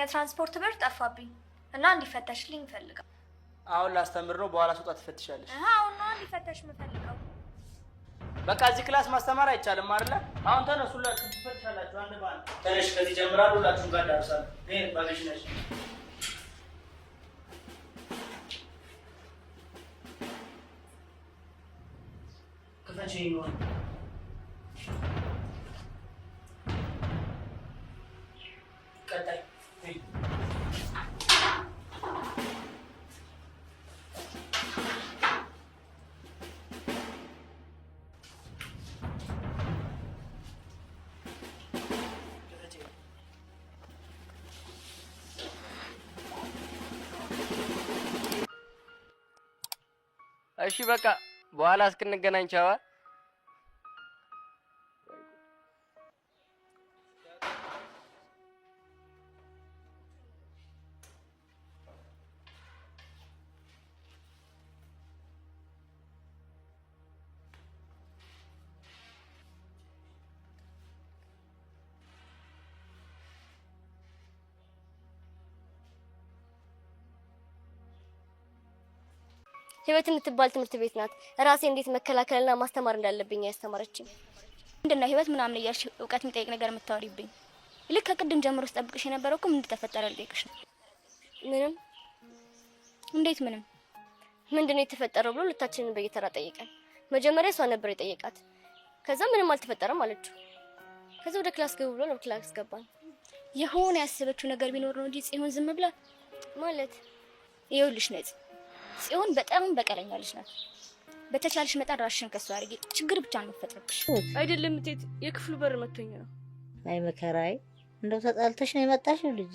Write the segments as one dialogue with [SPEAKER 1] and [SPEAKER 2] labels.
[SPEAKER 1] የትራንስፖርት ብር ጠፋብኝ እና እንዲፈተሽልኝ ይፈልጋል።
[SPEAKER 2] አሁን ላስተምር ነው፣ በኋላ ስወጣ ትፈትሻለሽ።
[SPEAKER 1] አሁን ነው እንዲፈተሽ የምፈልገው።
[SPEAKER 2] በቃ እዚህ ክላስ ማስተማር አይቻልም አይደለ? አሁን ተነሱ፣ ሁላችሁ ትፈትሻላችሁ። አንድ ባል ተነሽ፣ ከዚህ ጀምራሉ፣ ሁላችሁም ጋር ዳርሳል። ይህ ባለሽ ነሽ ክፈች ይሆን እሺ በቃ በኋላ እስክንገናኝ ቻዋ።
[SPEAKER 1] ህይወት የምትባል ትምህርት ቤት ናት። ራሴ እንዴት መከላከልና ማስተማር እንዳለብኝ ያስተማረችኝ። ነው ህይወት ምናምን እያልሽ እውቀት የሚጠይቅ ነገር የምታወሪብኝ? ልክ ከቅድም ጀምሮ ስጠብቅሽ የነበረው እኮ ምን ተፈጠረ ልጠይቅሽ ነው። ምንም። እንዴት ምንም? ምንድነው የተፈጠረው ብሎ ሁለታችንን በየተራ ጠየቀን። መጀመሪያ እሷ ነበር የጠየቃት። ከዛ ምንም አልተፈጠረም አለችው። ከዛ ወደ ክላስ ገቡ ብሎ ነው ክላስ ገባን። የሆነ ያሰበችው ነገር ቢኖር ነው እንጂ ጽሆን ዝም ብላ ማለት ይኸውልሽ ነጽ ጽዮን በጣም በቀለኛ ልጅ ናት። በተቻለሽ መጠን ራስሽን ከሱ አድርጊ። ችግር ብቻ አንፈጥርብሽ።
[SPEAKER 3] አይደለም እቴት፣ የክፍሉ በር መቶኝ ነው።
[SPEAKER 4] አይ መከራዬ፣ እንደው ተጣልተሽ ነው የመጣሽው? ልጅ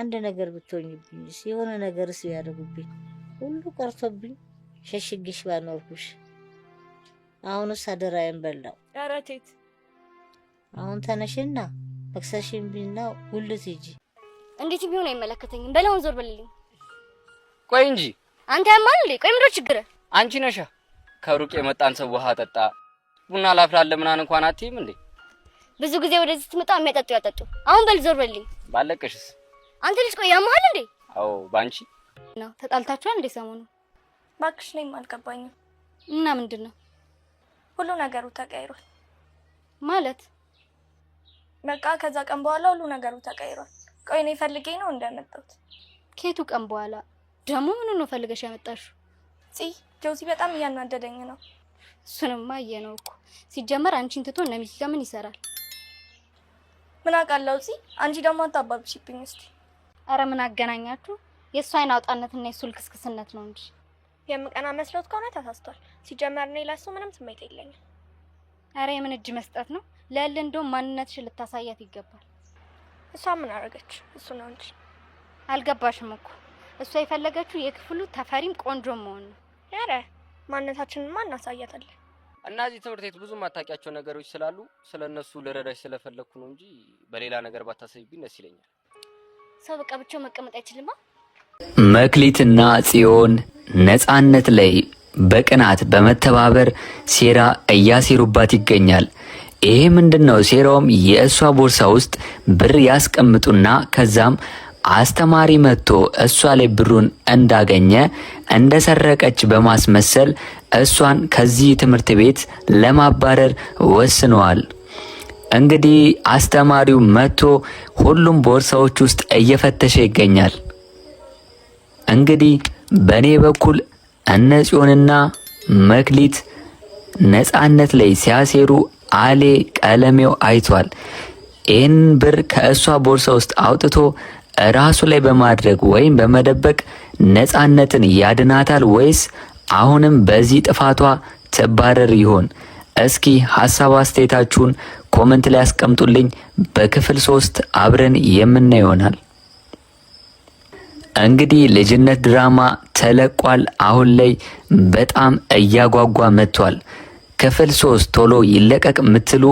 [SPEAKER 4] አንድ ነገር ብትሆኝብኝስ? የሆነ ነገርስ ያደርጉብኝ ሁሉ ቀርቶብኝ ሸሽግሽ ባኖርኩሽ። አሁንስ አደራዬን በላው። ኧረ እቴት፣ አሁን ተነሽና መክሰሽን ቢና ሁልት ሂጂ።
[SPEAKER 1] እንዴት ቢሆን አይመለከተኝም። በለውን ዞር በልልኝ። ቆይ እንጂ አንተ ያማል እንዴ? ቆይ ምንድነው ችግር?
[SPEAKER 2] አንቺ ነሻ ከሩቅ የመጣን ሰው ውሃ ጠጣ ቡና ላፍላለ ምናምን እንኳን አትይም እንዴ?
[SPEAKER 1] ብዙ ጊዜ ወደዚህ ትመጣ የሚያጠጡ ያጠጡ። አሁን በል ዞር በልኝ። ባለቀሽስ አንተ ልጅ ቆይ ያማል እንዴ? አዎ ባንቺ ነው። ተጣልታችኋል እንዴ ሰሞኑ? ባክሽ ላይ አልገባኝም። እና ምንድን ነው ሁሉ ነገሩ ተቀይሯል ማለት? በቃ ከዛ ቀን በኋላ ሁሉ ነገሩ ተቀይሯል። ቆይ እኔ ፈልጌ ነው እንደመጣሁት። ከየቱ ቀን በኋላ ደግሞ ምኑ ነው ፈልገሽ ያመጣሽው? ፂ ጆዚ በጣም እያናደደኝ ነው። እሱንማ ማየ ነው እኮ ሲጀመር አንቺን ትቶ እነ ሚኪ ምን ይሰራል? ምን አውቃለሁ ፂ። አንቺ ደግሞ አታባብሽብኝ እስኪ። አረ ምን አገናኛችሁ? የእሱ አይን አውጣነትና የእሱ ልክስክስነት ነው እንጂ የምቀና መስሎት ከሆነ ተሳስቷል። ሲጀመር እኔ ለእሱ ምንም ስሜት የለኝም። አረ የምን እጅ መስጠት ነው? ለእልህ እንደውም ማንነትሽን ልታሳያት ይገባል። እሷ ምን አደረገች? እሱ ነው እንጂ አልገባሽም እኮ እሷ የፈለገችው የክፍሉ ተፈሪም ቆንጆ መሆን ነው። ያረ ማንነታችንን ማን እናሳያታለን።
[SPEAKER 2] ትምህርት ቤት ብዙ ማታውቂያቸው ነገሮች ስላሉ ስለ እነሱ ልረዳሽ ስለፈለግኩ ነው እንጂ በሌላ ነገር ባታሰቢብኝ ደስ ይለኛል። ሰው በቃ ብቻው
[SPEAKER 5] መቀመጥ አይችልማ። መክሊትና ጽዮን ነፃነት ላይ በቅናት በመተባበር ሴራ እያሴሩባት ይገኛል። ይሄ ምንድን ነው? ሴራውም የእሷ ቦርሳ ውስጥ ብር ያስቀምጡና ከዛም አስተማሪ መጥቶ እሷ ላይ ብሩን እንዳገኘ እንደሰረቀች በማስመሰል እሷን ከዚህ ትምህርት ቤት ለማባረር ወስነዋል። እንግዲህ አስተማሪው መጥቶ ሁሉም ቦርሳዎች ውስጥ እየፈተሸ ይገኛል። እንግዲህ በእኔ በኩል እነ ጽዮንና መክሊት ነጻነት ላይ ሲያሴሩ አሌ ቀለሜው አይቷል። ይህን ብር ከእሷ ቦርሳ ውስጥ አውጥቶ ራሱ ላይ በማድረግ ወይም በመደበቅ ነፃነትን ያድናታል ወይስ አሁንም በዚህ ጥፋቷ ትባረር ይሆን? እስኪ ሀሳብ አስተያየታችሁን ኮመንት ላይ አስቀምጡልኝ በክፍል ሶስት አብረን የምናየው ይሆናል። እንግዲህ ልጅነት ድራማ ተለቋል። አሁን ላይ በጣም እያጓጓ መጥቷል። ክፍል ሶስት ቶሎ ይለቀቅ የምትሉ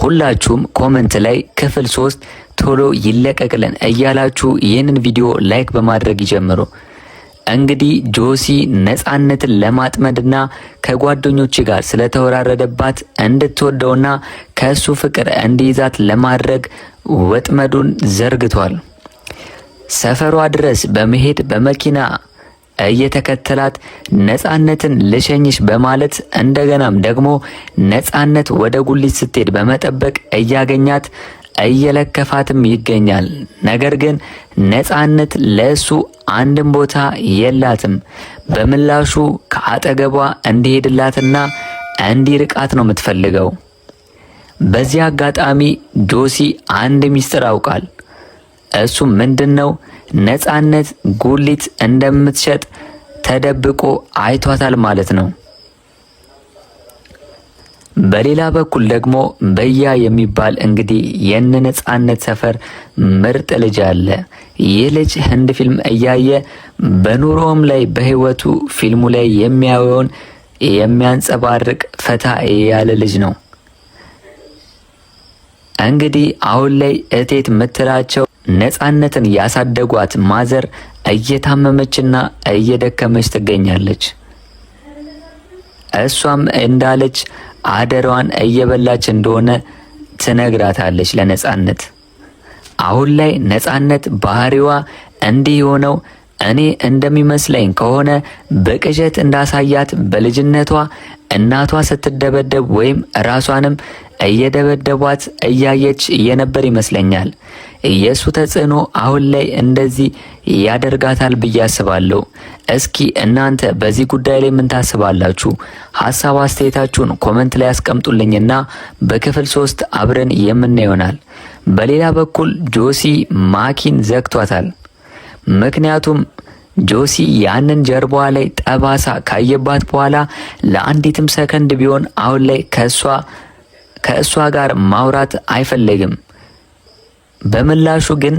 [SPEAKER 5] ሁላችሁም ኮመንት ላይ ክፍል ሶስት ቶሎ ይለቀቅልን እያላችሁ ይህንን ቪዲዮ ላይክ በማድረግ ይጀምሩ። እንግዲህ ጆሲ ነፃነትን ለማጥመድና ከጓደኞች ጋር ስለተወራረደባት እንድትወደውና ከእሱ ፍቅር እንዲይዛት ለማድረግ ወጥመዱን ዘርግቷል። ሰፈሯ ድረስ በመሄድ በመኪና እየተከተላት ነፃነትን ልሸኝሽ በማለት እንደገናም ደግሞ ነፃነት ወደ ጉሊት ስትሄድ በመጠበቅ እያገኛት እየለከፋትም ይገኛል። ነገር ግን ነፃነት ለእሱ አንድም ቦታ የላትም። በምላሹ ከአጠገቧ እንዲሄድላትና እንዲርቃት ነው የምትፈልገው። በዚህ አጋጣሚ ጆሲ አንድ ሚስጥር አውቃል። እሱ ምንድን ነው? ነፃነት ጉሊት እንደምትሸጥ ተደብቆ አይቷታል ማለት ነው። በሌላ በኩል ደግሞ በያ የሚባል እንግዲህ የነ ነጻነት ሰፈር ምርጥ ልጅ አለ። ይህ ልጅ ህንድ ፊልም እያየ በኑሮም ላይ በህይወቱ ፊልሙ ላይ የሚያየውን የሚያንጸባርቅ ፈታ ያለ ልጅ ነው። እንግዲህ አሁን ላይ እቴት ምትላቸው ነጻነትን ያሳደጓት ማዘር እየታመመችና እየደከመች ትገኛለች። እሷም እንዳለች አደሯን እየበላች እንደሆነ ትነግራታለች ለነጻነት። አሁን ላይ ነጻነት ባህሪዋ እንዲህ የሆነው እኔ እንደሚመስለኝ ከሆነ በቅዠት እንዳሳያት በልጅነቷ እናቷ ስትደበደብ ወይም ራሷንም እየደበደቧት እያየች የነበር ይመስለኛል። የእሱ ተጽዕኖ አሁን ላይ እንደዚህ ያደርጋታል ብዬ አስባለሁ። እስኪ እናንተ በዚህ ጉዳይ ላይ ምን ታስባላችሁ? ሀሳብ አስተያየታችሁን ኮመንት ላይ አስቀምጡልኝና በክፍል ሶስት አብረን የምና ይሆናል። በሌላ በኩል ጆሲ ማኪን ዘግቷታል። ምክንያቱም ጆሲ ያንን ጀርባዋ ላይ ጠባሳ ካየባት በኋላ ለአንዲትም ሰከንድ ቢሆን አሁን ላይ ከእሷ ከእሷ ጋር ማውራት አይፈለግም። በምላሹ ግን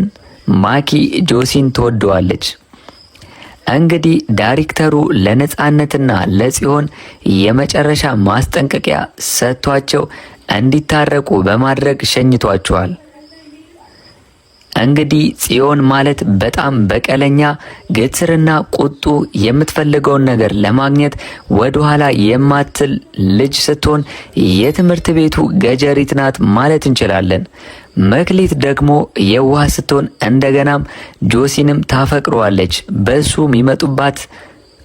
[SPEAKER 5] ማኪ ጆሲን ትወደዋለች። እንግዲህ ዳይሬክተሩ ለነጻነትና ለጽዮን የመጨረሻ ማስጠንቀቂያ ሰጥቷቸው እንዲታረቁ በማድረግ ሸኝቷቸዋል። እንግዲህ ጽዮን ማለት በጣም በቀለኛ፣ ግትርና ቁጡ የምትፈልገውን ነገር ለማግኘት ወደኋላ የማትል ልጅ ስትሆን የትምህርት ቤቱ ገጀሪት ናት ማለት እንችላለን። መክሊት ደግሞ የዋህ ስትሆን እንደገናም ጆሲንም ታፈቅረዋለች። በሱ የሚመጡባት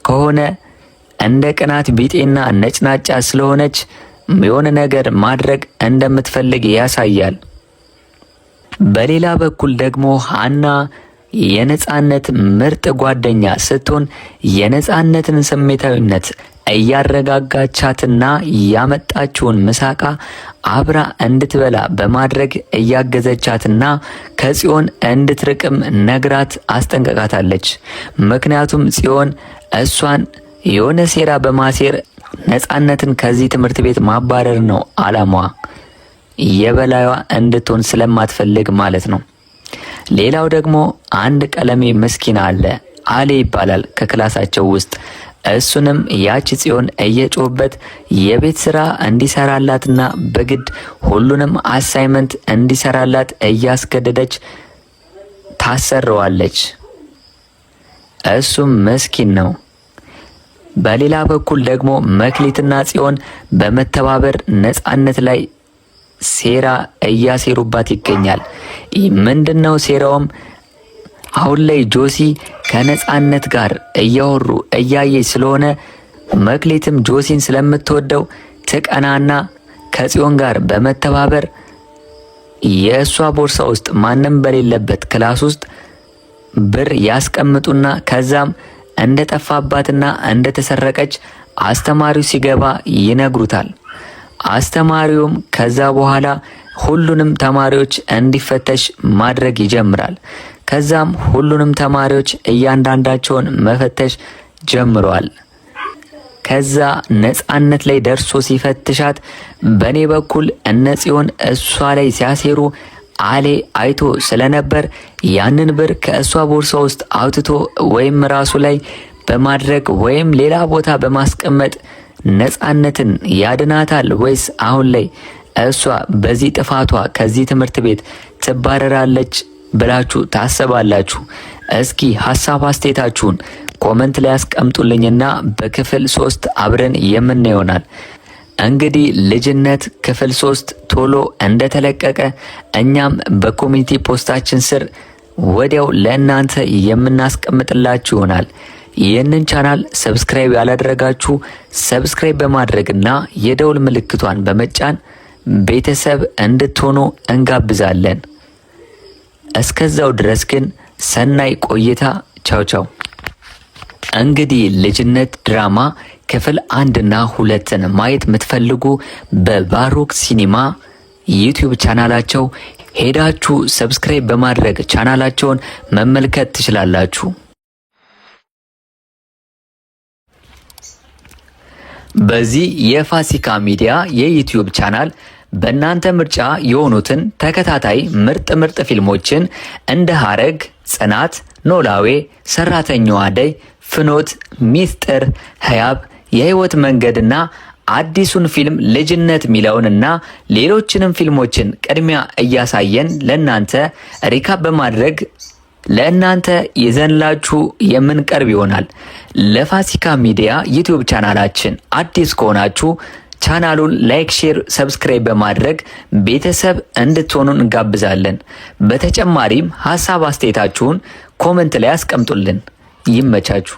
[SPEAKER 5] ከሆነ እንደ ቅናት ቢጤና ነጭናጫ ስለሆነች የሆነ ነገር ማድረግ እንደምትፈልግ ያሳያል። በሌላ በኩል ደግሞ ሀና የነጻነት ምርጥ ጓደኛ ስትሆን የነጻነትን ስሜታዊነት እያረጋጋቻትና ያመጣችውን ምሳቃ አብራ እንድትበላ በማድረግ እያገዘቻትና ከጽዮን እንድትርቅም ነግራት አስጠንቀቃታለች። ምክንያቱም ጽዮን እሷን የሆነ ሴራ በማሴር ነጻነትን ከዚህ ትምህርት ቤት ማባረር ነው አላማዋ። የበላዩዋ እንድትሆን ስለማትፈልግ ማለት ነው። ሌላው ደግሞ አንድ ቀለሜ ምስኪን አለ አሌ ይባላል ከክላሳቸው ውስጥ እሱንም ያች ጽዮን እየጮህበት የቤት ስራ እንዲሰራላትና በግድ ሁሉንም አሳይመንት እንዲሰራላት እያስገደደች ታሰረዋለች። እሱም ምስኪን ነው። በሌላ በኩል ደግሞ መክሊትና ጽዮን በመተባበር ነጻነት ላይ ሴራ እያሴሩባት ይገኛል። ምንድነው ሴራውም? አሁን ላይ ጆሲ ከነጻነት ጋር እያወሩ እያየች ስለሆነ መክሌትም ጆሲን ስለምትወደው ትቀናና ከጽዮን ጋር በመተባበር የእሷ ቦርሳ ውስጥ ማንም በሌለበት ክላስ ውስጥ ብር ያስቀምጡና ከዛም እንደጠፋባትና እንደተሰረቀች አስተማሪው ሲገባ ይነግሩታል። አስተማሪውም ከዛ በኋላ ሁሉንም ተማሪዎች እንዲፈተሽ ማድረግ ይጀምራል። ከዛም ሁሉንም ተማሪዎች እያንዳንዳቸውን መፈተሽ ጀምሯል። ከዛ ነጻነት ላይ ደርሶ ሲፈትሻት በእኔ በኩል እነጽዮን እሷ ላይ ሲያሴሩ አሌ አይቶ ስለነበር ያንን ብር ከእሷ ቦርሳ ውስጥ አውጥቶ ወይም ራሱ ላይ በማድረግ ወይም ሌላ ቦታ በማስቀመጥ ነፃነትን ያድናታል ወይስ አሁን ላይ እሷ በዚህ ጥፋቷ ከዚህ ትምህርት ቤት ትባረራለች ብላችሁ ታስባላችሁ? እስኪ ሀሳብ አስተያየታችሁን ኮመንት ላይ አስቀምጡልኝና በክፍል ሶስት አብረን የምን ይሆናል። እንግዲህ ልጅነት ክፍል ሶስት ቶሎ እንደተለቀቀ እኛም በኮሚኒቲ ፖስታችን ስር ወዲያው ለእናንተ የምናስቀምጥላችሁ ይሆናል። ይህንን ቻናል ሰብስክራይብ ያላደረጋችሁ ሰብስክራይብ በማድረግና የደውል ምልክቷን በመጫን ቤተሰብ እንድትሆኑ እንጋብዛለን። እስከዛው ድረስ ግን ሰናይ ቆይታ። ቻው ቻው። እንግዲህ ልጅነት ድራማ ክፍል አንድና ሁለትን ማየት የምትፈልጉ በባሮክ ሲኒማ ዩቲዩብ ቻናላቸው ሄዳችሁ ሰብስክራይብ በማድረግ ቻናላቸውን መመልከት ትችላላችሁ። በዚህ የፋሲካ ሚዲያ የዩትዩብ ቻናል በእናንተ ምርጫ የሆኑትን ተከታታይ ምርጥ ምርጥ ፊልሞችን እንደ ሐረግ፣ ጽናት፣ ኖላዌ፣ ሰራተኛዋ አደይ፣ ፍኖት፣ ሚስጥር፣ ህያብ፣ የህይወት መንገድና አዲሱን ፊልም ልጅነት ሚለውንና ሌሎችንም ፊልሞችን ቅድሚያ እያሳየን ለእናንተ ሪካፕ በማድረግ ለእናንተ ይዘንላችሁ የምንቀርብ ይሆናል። ለፋሲካ ሚዲያ ዩቲዩብ ቻናላችን አዲስ ከሆናችሁ ቻናሉን ላይክ፣ ሼር፣ ሰብስክራይብ በማድረግ ቤተሰብ እንድትሆኑ እንጋብዛለን። በተጨማሪም ሀሳብ አስተያየታችሁን ኮመንት ላይ አስቀምጡልን። ይመቻችሁ።